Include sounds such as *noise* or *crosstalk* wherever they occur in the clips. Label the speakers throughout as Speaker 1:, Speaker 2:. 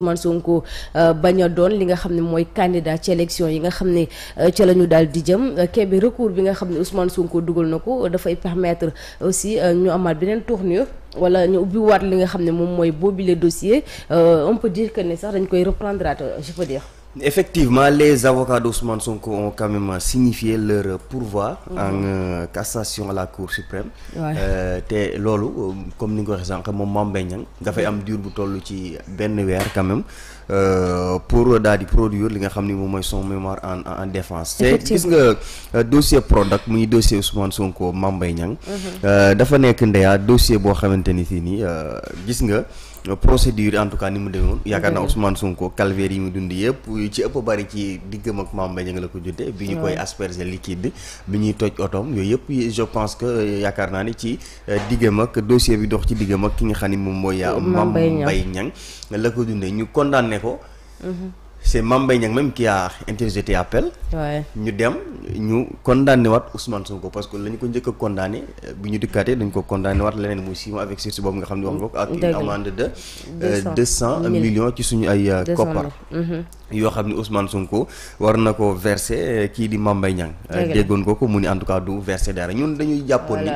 Speaker 1: Ousmane Sonko euh, bañ a doon li nga xam ne mooy candidat ci élection yi nga xam ne euh, ca la ñu daal di jëm euh, kebe recours bi nga xam ne Ousmane Sonko dugal na ko dafay permettre aussi ñu amaat beneen tournure wala ñu ubbi waat li nga xam ne moom mooy boobile dossier on peut dire que ne sax dañ koy reprendre je
Speaker 2: Effectivement, les avocats d'Ousmane Sonko ont quand même signifié leur pourvoi mmh. en euh, cassation à la Cour suprême. Euh, te loolu comme ni nga ko waxee sànq moom Mame Mbaye dafay am diir bu toll ci benn weer quand même euh, pour daal di produire li nga xam ni moom mooy son mémoire en en défense. te gis nga euh, dossier Prodac muy dossier Ousmane Sonko Mame Mbaye Niang. Mhm. dafa nekk ndeya dossier boo xamante ni fii nii gis nga. procédure en tout cas ni mu demoon yaakaar naa Ousmane Sonko calvaire yi mu dund yëpp yu ci ëpp bari ci diggam ak Mame Mbaye Niang la ko jotee bi ñu koy asperger liquide bi ñuy toj otoom yooyu yëpp je pense que yaakaar naa ni ci euh, diggam ak dossier bi dox ci diggam ak ki nga xam ni moom mooy yaa euh, Mame Mbaye Niang la ko dundee ñu condamné ko mm-hmm. c'est Mame Mbaye Niang même qui a interjeté appel. ñu dem ñu condamné waat Ousmane Sonko parce que la ko njëkk a condamné bi ñu dikkaatee dañ ko condamné waat leneen muy six mois avec sursis boobu nga xam ne wax nga ko ak une amende de euh, deux cent millions ci suñu ay euh, koppar mhm. yoo xam ne Ousmane Sonko war na ko verser euh, kii di Mame Mbaye Niang déggoon ko ko mu ni en tout cas du verser dara ñun dañuy jàppoon ni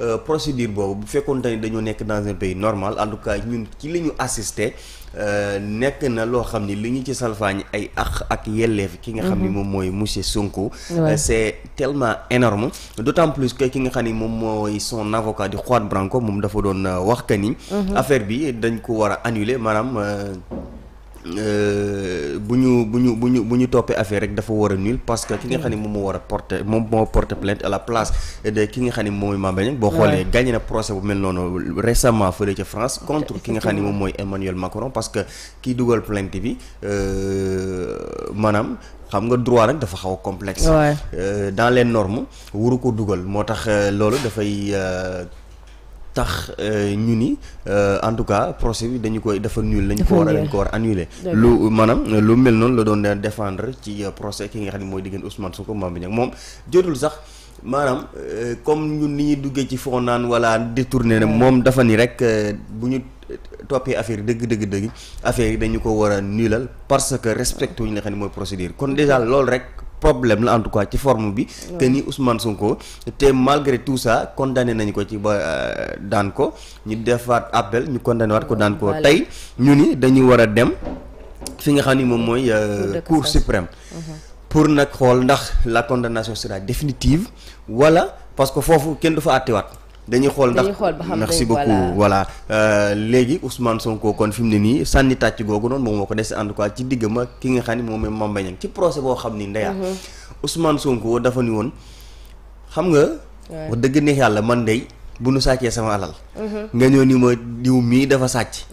Speaker 2: Euh, procédure boobu bu fekkoon ne dañoo nekk dans un pays normal en tout ñun ci li ñu assisté euh, nekk na loo xam ni li ñu ci salfaañ ay aq ak yelleef ki nga xam ni mhm. moom mooy monsieur Sonko. Euh, c'est tellement énorme d'autant plus que ki nga xam ni moom mooy son avocat di Juan Branco moom dafa doon wax que ni. Mhm. affaire bi dañ ko war a manaam Euh, bu ñu bu ñu bu ñu bu ñu toppee affaire rek dafa war a nul parce que ki nga xam ne moom moo war a porter moom moo porter plainte à la place de ki nga xam ne moom Mame Mbaye Niang xoolee gagné na procès bu mel noonu récemment fële ca France contre ki nga xam ne moom mooy Emmanuel Macron parce que kii dugal plainte bi euh, maanaam xam nga droit nag dafa xaw a complexe euh, dans les normes waru ko dugal moo tax loolu dafay tax euh, ñu ni euh, en tout cas procès bi dañu koy dafa nul lañu ko war a dañ ko war a annulé lu maanaam lu mel noonu la doon euh, defendre ci procès ki nga xam ne mooy diggante Ousmane ko Mame Mbaye Niang moom jotul sax maanaam comme ñu ni ñuy duggee ci fond naan wala détourné na moom dafa ni rek bu ñu toppee affaire dëgg dëgg dëgg affaire dañu ko war a nulal parce que respecté wuñu la xam ne mooy procédure kon déjà loolu rek problème la en tout cas ci forme bi que ni Ousmane Sonko te malgré tout ça condamné nañu ko ci ba euh, daan ko ñu defaat appel ñu condamné waat ko daan ko tey ñu ni dañuy war a dem fi nga xam ni moom mooy euh, cour suprême mhm. pour nag xool ndax la condamnation sera définitive wala parce que foofu kenn du fa àttewaat dañuy xool ndax merci beaucoup voilà euh, léegi Ousmane sonkoo kon fi mu ne nii sànni tàcc googu noonu moom moo ko des en tout cas ci digg ma ki nga xam ne moom mooy Mame Mbaye Niang ci procès boo xam ni ndeyaa mhm. Ousmane Sonko dafa ni woon xam nga dëgg neex yàlla man day bu nu sàccee sama alal. Mhm. nga ñëw ni ma diw mii dafa sàcc.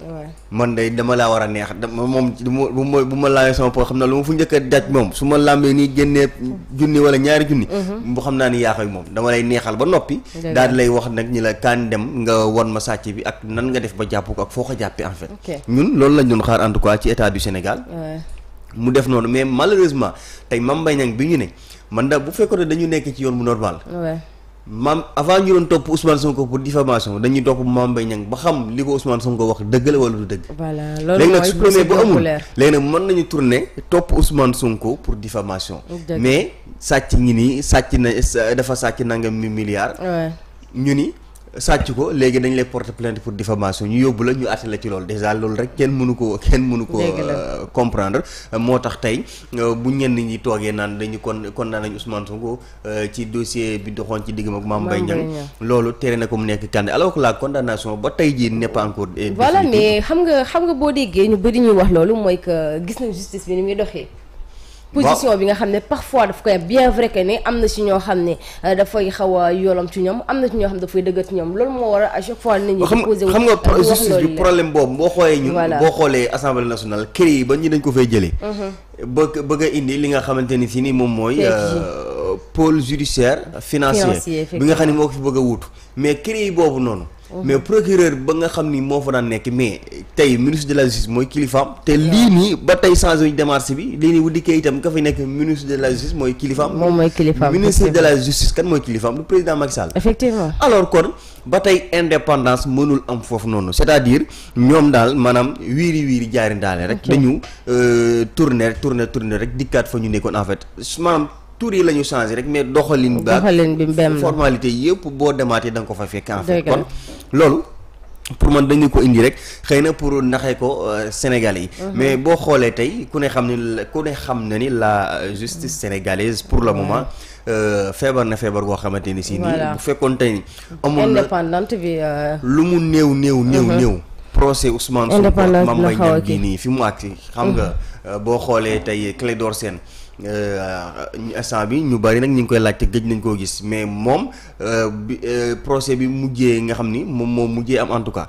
Speaker 2: man de dama laa war a neex dama moom bu ma bu ma laajee sama po xam na lu ma fu njëkk a daj moom su ma làmbee nii génnee junni wala ñaari junni. Mhm. bu xam naa ni yaa moom dama lay ba noppi. daal di lay wax nag ñi la kaan dem nga won ma sàcc bi ak nan nga def ba jàpp ko ak foo ko jàppee en fait. ñun loolu lañ doon xaar en tout cas ci état du Sénégal. mu def noonu mais malheureusement tey Mame Mbaye Niang bi ñu ne man da bu fekkoon ne dañu nekk ci yoon bu normal. maam avant ñu doon topp Ousmane Sonko pour diffamation dañuy topp Mame Mbaye Niang ba xam li ko Ousmane Sonko wax dëgg la wala du dëgg.
Speaker 1: voilà loolu mooy léegi nag su promé bu amul léegi
Speaker 2: nag mën nañu tourner topp Ousmane Sonko pour diffamation mais sàcc ngi nii sàcc na dafa sàcc nanga mi milliard. ñu ni sàcc ko léegi dañu lay porter plainte pour diffamation ñu yóbbu la ñu àtte la ci loolu déjà loolu rek kenn mënu ko kenn mënu ko euh, comprendre moo tax tey euh, bu ñenn ñi toogee naan dañu kon kon naan nañu Ousmane Sonko euh, ci dossier bi doxoon ci diggam ak Mame Mbaye Niang loolu tere na ko mu nekk candidat alors que la condamnation ba tey ji n'est encore voilà mais
Speaker 1: xam nga xam nga boo déggee ñu bëri ñuy wax loolu mooy que gis nañ justice bi ni muy doxee position bi nga xam ne parfois daf koy bien vrai que ne am na ci ñoo xam ne euh, dafay xaw a yoolam ci ñoom am na ci ñoo xam ne dafay dëggat ci ñoom loolu moo war a à chaque fois nit ñi posé xam nga justice bi problème
Speaker 2: boobu boo xoolee ñun boo xoolee assemblée nationale kër yi ba ñu dañ ko fay jëlee mhm. ba bëgg a indi li nga xamante ni si ni moom mooy euh, pôle judiciaire financier bi nga xam ne moo ko fi bëgg a wuutu mais kër yi boobu noonu Mhm. mais procureur ba nga xam ni moo fa daan nekk mais tey ministre de la justice mooy kilifaam. te lii nii ba tey changé wuñ démarche bi lii nii bu dikkee itam ka fi nekk ministre de la justice mooy kilifaam. moom mooy kilifaam ministre de la justice kan mooy kilifaam du président Macky Sall. effectivement alors kon ba tey indépendance mënul am foofu noonu cest à diir ñoom daal maanaam wiiri wiiri jaari ndaale rek. dañu euh, tourner tourner tourner rek dikkaat fa ñu nekkoon en fait maanaam. tour yi la ñu changé rek mais doxalin. doxalin bi benn formalité yëpp boo demaatee da nga fa fekk. kon loolu pour man dañu ko indi rek xëy na pour naxee ko euh, sénégal yi. Mhm. mais boo xoolee tey ku ne xam ne ku ne xam na ni la euh, justice sénégalaise pour le mhm. moment. Euh, feebar na feebar boo xamante ni si nii bu fekkoon tey amoon na indépendante lu mu néew néew néew mhm. néew procès Ousmane Sonko nii fi mu àgg xam nga boo xoolee tey Clédor seen Euh, instant bi ñu bari nag ñu ngi koy laajte gëj nañ koo gis mais moom euh, bi euh, procès bi mujjee nga xam ni moom moom mujjee am en tout cas.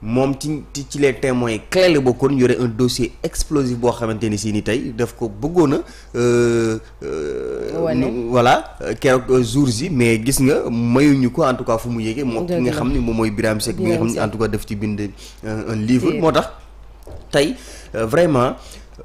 Speaker 2: moom ci ci les témoins clés la bokkoon yore un dossier explosif boo xamante ni si ni tey daf ko bëggoon a. voilà keroog jours yi mais gis nga mayuñu ko en tout cas fu mu yéegee. moo ki nga xam ni moom mooy Birame Seck. bi nga xam ni en tout cas daf ci bind un livre. moo tax tey vraiment.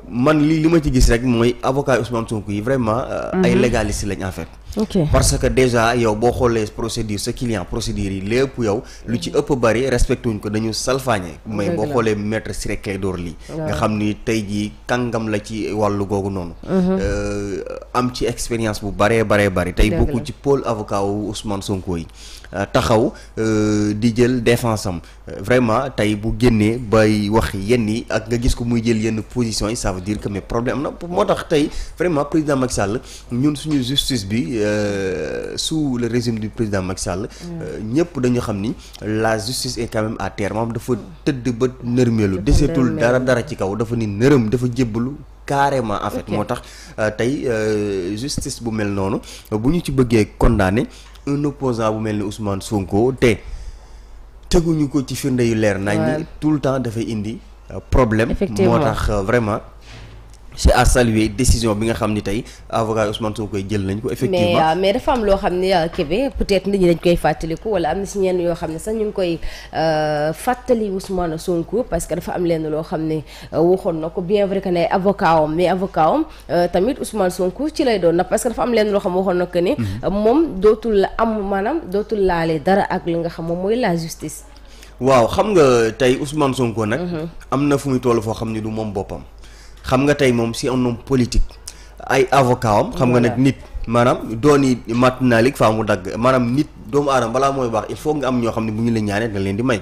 Speaker 2: man lii li ma ci gis rek mooy avocat Ousmane Sonko yi vraiment. Euh, ay mhm. légaliste lañ en fait. ok parce que déjà yow boo xoolee procédure sa client procédure yi lépp yow lu ci ëpp bari respecté wuñ ko dañu salfaañe mais boo xoolee maître Ciré door Ly nga xam ni tey jii kàngam la ci wàllu googu noonu mhm. euh, am ci expérience bu baree baree bari tey bokk ci pôle avocat wu Ousmane Sonko yi euh, taxaw euh, di jël défense am vraiment tey bu génnee bay wax yenn yi ak nga gis ko muy jël yenn position yi ça veut dire que mais problème am moo tax tey vraiment président Macky Sall ñun suñu justice bi Euh, sous le régime du président Macky Sall. Euh, ñëpp dañu xam ni la justice est quand même à terre moom dafa tëdd ba nërmeelu desetul dara dara ci kaw dafa ni nërëm dafa jébbalu carrément en fait moo tax euh, tey justice bu mel noonu bu ñu ci bëggee condamné un opposant bu mel ni Ousmane Sonko te teguñu ko ci firnde yu leer nañ tout le temps dafay indi problème moo tax vraiment c'est à saluer décision bi nga xam ni tey avocat Ousmane Sonko jël nañ ko. effectivement euh,
Speaker 1: mais dafa am loo xam ni euh, Kébé peut-être nit ñi dañ koy fàttaliku wala am na si ñenn yoo xam ne sax ñu ngi koy euh, fàttali Ousmane Sonko parce que dafa am lenn loo xam ne waxoon na ko vrai que ne avocat am mais tamit Ousmane Sonko ci lay doon na parce que dafa am lenn loo xam waxoon na mhm. moom dootul am maanaam dootul laale dara ak li nga xam moom mooy la
Speaker 2: justice. waaw xam nga tey Ousmane Sonko nag. Mhm. am na fu muy toll foo xam ni du moom boppam. xam nga tey moom si un homme ay avocat am xam nga nag nit maanaam dooni mat naa lig faa mu dagg maanaam nit doomu aadama balaa mooy baax il faut nga am ñoo xam ne bu ñu la ñaanee nga leen di may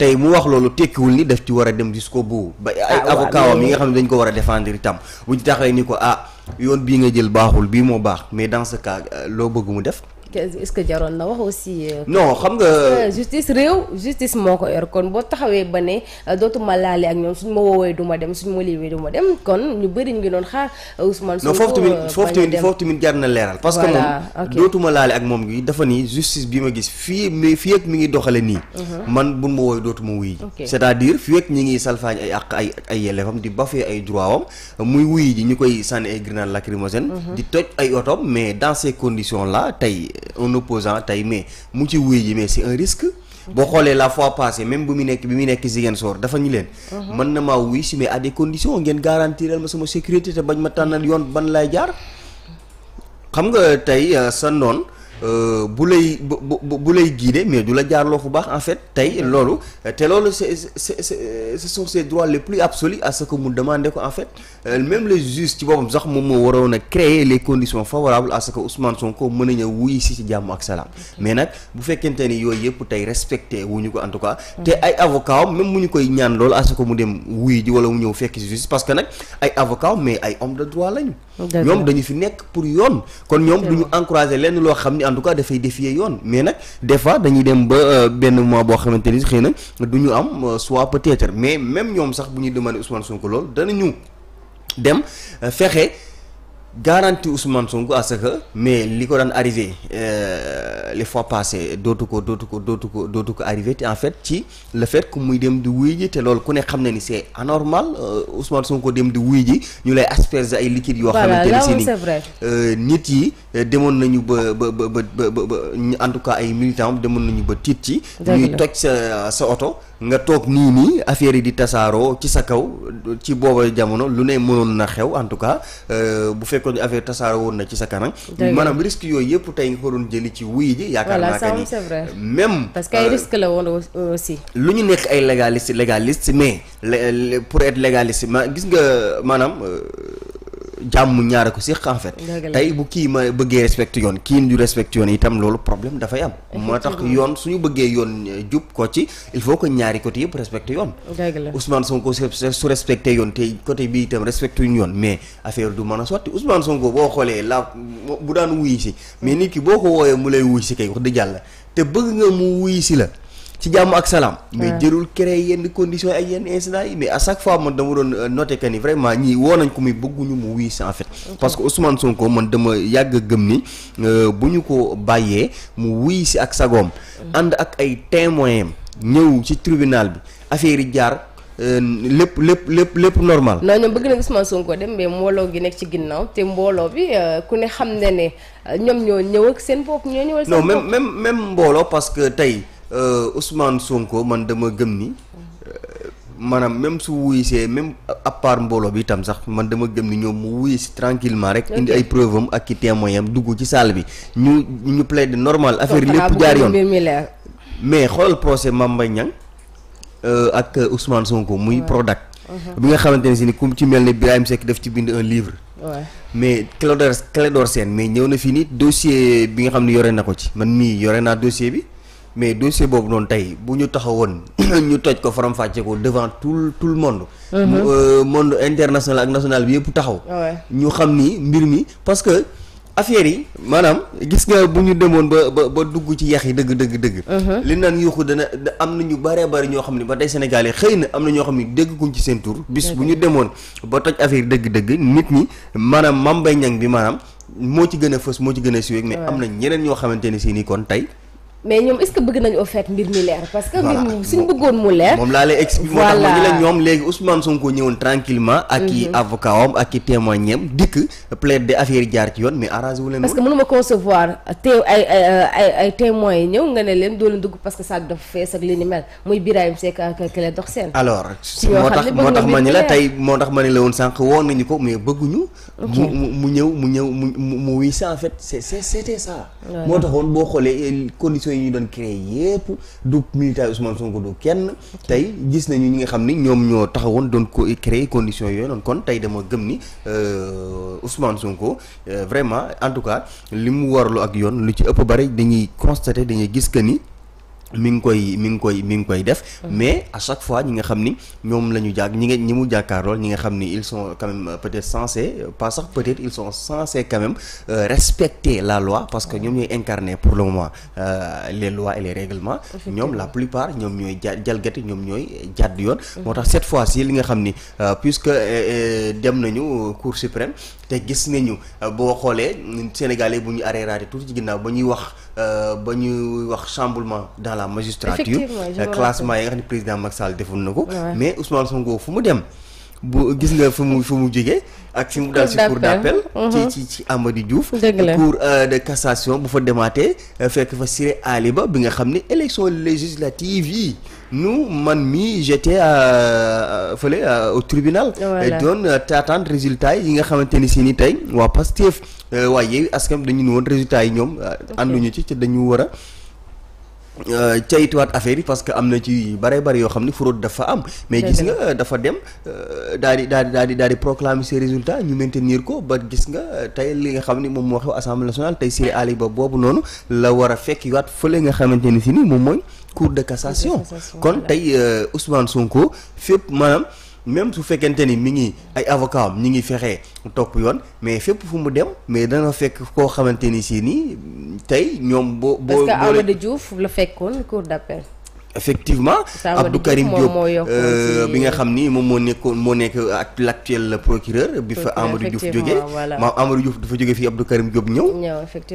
Speaker 2: tey mu wax loolu tekkiwul ni daf ci war a dem jusqu'au bout ba ay ah, avocat am yi nga xam ne dañ ko war a défendre itam bu ñu taxawee ni ko ah yoon bii nga jël baaxul bii moo baax mais dans ce cas euh, loo bëgg mu def
Speaker 1: est-ce que jaroon na wax euh, xam nga. justice réew justice moo ko yor kon boo taxawee ba ne euh, dootuma laale ak ñoom suñ ma woowee du ma dem suñ ma liiwee du ma dem kon ñu bëri ñu ngi doon xaar euh, Ousmane. Sonko foofu tamit foofu tamit foofu
Speaker 2: tamit jar bi ma gis mi ngi doxale nii. Mhm. man bu ma woowee dootuma wuy ji. c'est-à-dire fii ak ñi ngi salfaañ ay àq ay ay di bafee ay droit am muy wuy ji ñu koy sànni ay grenade lacrymogène mhm. di toj ay otom mais dans ces conditions tey un opposant tey mais mu ci wuy yi mais c'est un risque boo xoolee la fois passée même bu mu nekk bi mu nekk Ziguinchor dafa ñu leen mhm. mën na maa wuy si mais à des conditions ngeen garantiral ma sama sécurité te bañ ma tànnal yoon ban laay jaar xam nga tey euh, sa noon Euh, bu lay bu bu bu lay de mais du la jaarloo fu baax en fait tey loolu te loolu c'est c'est c'est ce sont ses droits les plus absolus à ce que mu demande ko en fait euh, même le juge ci boppam sax moom moo waroon a créer les conditions favorables à ce que Ousmane Sonko a ñëw wuy si ci jàmm ak salaam mais nag bu fekkente ni yooyu yëpp tey respecté wuñu ko en tout cas mm. te ay avocat même mu ñu koy ñaan loolu à mu dem wuy ji wala mu ñëw fekk si justice parce que na ay avocat mais ay homme de ñoom dañu fi nekk pour yoon kon ñoom du ñu encourager lenn loo xam ni en tout cas dafay défier yoon mais nag des fois dañuy dem ba euh, benn mois boo xamante ni xëy na du ñu am euh, soit peut mais même ñoom sax bu ñuy demander Ousmane Sonko loolu ñu dem euh, fexe garanti Ousmane Sonko à ce que mais li ko daan arrivé euh, les fois passées dootu ko dootu ko dootu ko dootu ko arrivé te en fait ci le fait que muy dem di wuy ji te lool ku ne xam na ni c'est anormal euh, Ousmane ko dem di wuy ji ñu lay asperger ay liquide yoo xamante ne si ni euh, nit yi demoon nañu ba ba ba ba ba en tout cas ay militants demoon nañu ba tiit ci ñuy toj sa sa oto nga toog nii nii affaire yi di tasaaroo ci sa kaw ci booba jamono lu ne mënoon na xew en tout bu fekkee fekkoon ne affaire tasaara woon na ci sa kanam. maanaam risque yooyu yëpp tey nga ko doon jëli ci wuy yaakaar naa que ni même. parce que ay euh, risque la woon aussi. lu ñu nekk ay légaliste légaliste mais pour être légaliste ma gis nga maanaam. Euh, jàmm ñaare ko si en fait tey bu kii ma bëggee respecté yoon kii du respecté yoon itam loolu problème dafay am moo tax yoon ñu bëggee yoon eh, jub ko ci il faut que ñaari côté yëpp respecté yoon Ousmane Sonko su respecté yoon te côté bii itam respecté ñu yoon mais affaire du man a sotti Ousmane Sonko boo xoolee la bu daan wuy si mais nit ki boo ko wooyee mu lay wuy si kay wax dëgg yàlla te bëgg nga mu wuy si la ci jàmm ak salaam. mais jërul créer yenn conditions ak yenn incidents yi mais à chaque fois man dama doon euh, noté que ni vraiment ñii woo nañ ko muy bëgguñu mu wii si en fait. parce que Ousmane Sonko man dama yàgg a gëm ni euh, bu ñu ko bàyyee mu wuy si ak sagoom. Mm. ànd ak ay témoins ñëw ci tribunal bi affaire yi jaar. Euh, lépp lépp lépp lépp normal.
Speaker 1: non ñoom bëgg na Ousmane Sonko dem mais mbooloo gi nekk ci ginnaaw te mbooloo bi ku ne xam ne ne ñoom ñoo ñëw ak seen bopp ñoo ñëwal. seen bopp
Speaker 2: même même mbooloo parce que tey. Euh, Ousmane Sonko man dama gëm ni euh, maanaam même su wuyisee même à part mbooloo bi itam sax man dama gëm ni ñoom mu wuyisi tranquillement rek indi ay preuve am ak i témoin am dugg ci salle bi ñu ñu de normal affaire lépp jaar yoon mais xoolal procès Mame Mbaye Niang euh, ak Ousmane Sonko muy Prodac uh-huh. bi nga xamante ne si ni ku ci mel ne Birahim Seck def ci bind un livre mais Clédor Clédor Sène mais ñëw na fii ni dossier bi nga xam ne yore na ko ci man mii yore naa dossier bi mais dossier boobu noonu tey bu ñu taxawoon *clears throat* ñu toj ko faram-fàcce ko devant tout tout le monde. Mm-hmm. Euh, monde international ak national bi yëpp taxaw. ñu xam ni mbir mi parce que affaire yi maanaam gis nga bu ñu demoon ba ba ba dugg ci yax yi dëgg dëgg dëgg. Mm-hmm. li naan yuuxu dana am na ñu bëree bëri ñoo xam ne ba tey Sénégal yi xëy na am na ñoo xam ne dégg kuñ ci seen tur. bis bu ñu demoon ba toj affaire yi dëgg dëgg nit ñi maanaam Mame Mbaye Niang bi maanaam moo ci gën a fës moo ci gën a siiwee mais am na ñeneen ñoo xamante ne si ni kon tey.
Speaker 1: mais ñoom est-ce que bëgg nañu au mbir mi leer parce que mbir mi mu leer moom laa lay expliqué moo tax ma ni la
Speaker 2: ñoom léegi Ousmane Sonko ñëwoon tranquillement ak i mhm. dikk plaide jaar ci yoon mais arrangé wu leen parce que
Speaker 1: mënuma concevoir teew ay nga ne leen doo leen dugg que saag dafa fees ak moo
Speaker 2: tax moo tax ma ni la tey moo tax ma ni la woon sànq woon nañu ko mais bëgguñu mu mu ñëw mu ñëw mu mu wuy si en fait c'est c'était ça moo tax woon boo xoolee euh, yooyu ñu doon créé yépp du militant Ousmane Sonko du kenn tey gis nañu ñi nga xam ni ñoom ñoo taxawoon doon ko créé conditions yooyu noonu kon tey dama gëm ni euh, Ousmane Sonko euh, vraiment en tout cas li mu warlu ak yoon lu ci ëpp bari dañuy constater dañuy gis que ni mi ngi koy mi ngi koy mi ngi koy def. Mm-hmm. mais à chaque fois ñi nga xam ni ñoom la ñu jàkk ñi nga ñi mu jàkkaarlool ñi nga xam ni ils son quand même euh, peut-être censés euh, pas sax peut-être ils sont censés quand même euh, respecter la loi parce que ñoom ñooy incarner pour le moment euh, les lois et les règlements. ñoom la plupart ñoom ñooy ja jalgati ñoom ñooy jàdd yoon. Mm-hmm. moo tax cette fois si li nga xam ni puisque dem nañu Cour suprême te gis nañu boo xoolee Sénégalais bu ñu arrêté tuuti ci ginnaaw ba ñuy wax. Euh, ba ñuy wax chamboulement dans la magistrature euh, classement yi nga xam ne président Macky Sall defoon na ko mais Ousmane Sonko fu mu dem bu gis nga fu mu fu mu jógee ak fi mu dal ci cour d'appel mhm. ci ci ci Amady Diouf cour euh, de cassation bu fa demaatee fekk fa Siré Ali Ba bi nga xam ne élection législative yi nous man mii j'étais euh, euh, fële euh, au tribunal. voilà doon taataan résultat yi nga xamante ni si ni tey waa Pastef waa Yewwi Askan dañu ne woon résultat yi ñoom. ànduñu ci te dañu war a. Euh, cayituwaat affaire yi parce que am na ci bare bare yoo xam ni fraude dafa am mais gis nga dafa dem euh, daal di daal di daal di daal di résultats ñu maintenir ko ba gis nga tey li nga xam ni moom moo xew assemblée nationale tey Siré Ali Ba boobu noonu la war a fekki waat fële nga xamante ni si ni moom mooy cour de cassation kon tey euh, Ousmane Sonko fépp maanaam même su fekkente ni mi ngi ay avocat am ñi ngi fexe topp yoon mais fépp fu mu dem mais dana fekk koo xamante ni sii nii tey ñoom boo. boo parce que Amadou
Speaker 1: Diouf la fekkoon cour d'appel.
Speaker 2: effectivement Abdou Karim Diop euh, bi nga xam ni moom moo nekkoon moo nekk ak l'actuel procureur bi fa Amadou Diouf jógee maam Amadou Diouf dafa jógee fii Abdou Karim Diop ñëw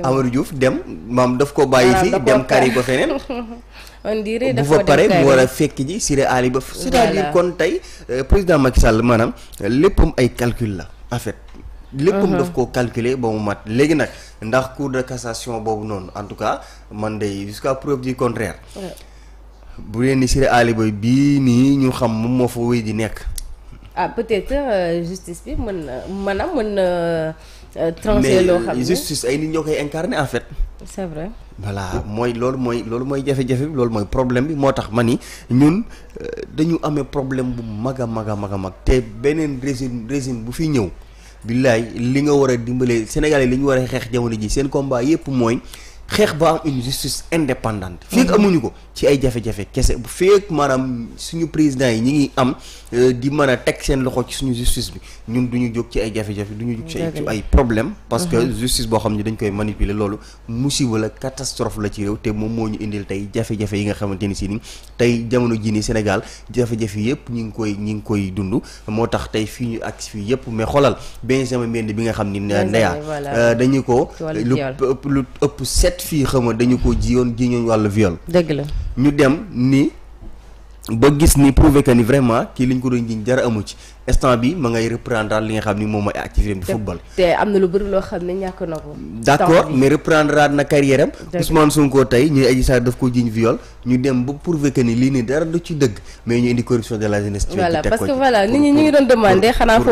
Speaker 2: Amadou Diouf dem maam daf ko bàyyi fii dem kari ko feneen
Speaker 1: *laughs* on bu fa pare mu war a
Speaker 2: fekk ji si Ali ba c'est-à-dire kon tey euh, président Macky Sall maanaam léppam ay calcul la en fait léppam mhm. daf koo calculer ba mu mat léegi nag ndax cour de cassation boobu noonu en tout cas man day jusqu'à preuve du bu dee ni Siré Ali bii nii ñu xam moom moo fa wéy di nekk.
Speaker 1: ah peut-être euh, justice bi mën na man na euh, tranché loo xam ne justice
Speaker 2: ay nit ñoo koy incarné en fait. c'est vrai. voilà mooy loolu mooy loolu mooy jafe-jafe bi loolu mooy problème bi moo tax ma ni ñun euh, dañu amee problème bu mag a mag a mag a mag te beneen régime régime bu fi ñëw billaay li nga war a dimbalee Sénégalais li ñu war a xeex jamono ji seen combat yépp mooy. xeex ba am une justice indépendante mm-hmm. fii amuñu ko ci ay jafe-jafe kese bu feek maanaam suñu président yi ñi ngi am euh, di man a teg seen loxo ci suñu justice bi ñun du ñu jóg ci ay jafe-jafe du ñu jóg ci ay problème parce que mm-hmm. justice boo xam ne dañ koy manipuler loolu musiba la catastrophe la ci réew te moom moo ñu indil tey jafe-jafe yi nga xamante ni si ni tey jamono jii ni Sénégal jafe-jafe yëpp ñi ngi koy ñi ngi koy dund moo tax tey fii ñu ak fii yëpp mais xoolal Benjamin Mendy xam ni euh, sept filles xam nga dañu ko jiyoon ji ñooñu dëgg la ñu dem ni ba gis ni prouvé que ni vraiment kii liñ ko doon jiñ dara amu ci instant bi ma ngay reprendre li nga xam ni moom mooy activité am. di football
Speaker 1: te am na lu bëri loo xam ne ñàkk na ko. d' accord mais
Speaker 2: reprendre na carrière am. sun Sonko tey ñu Adji Sarr daf ko jiñ viol ñu dem ba prouvé que ni lii ni dara du ci dëgg mais ñu indi corruption de la jeunesse. voilà parce que voilà ñu doon demandé xanaa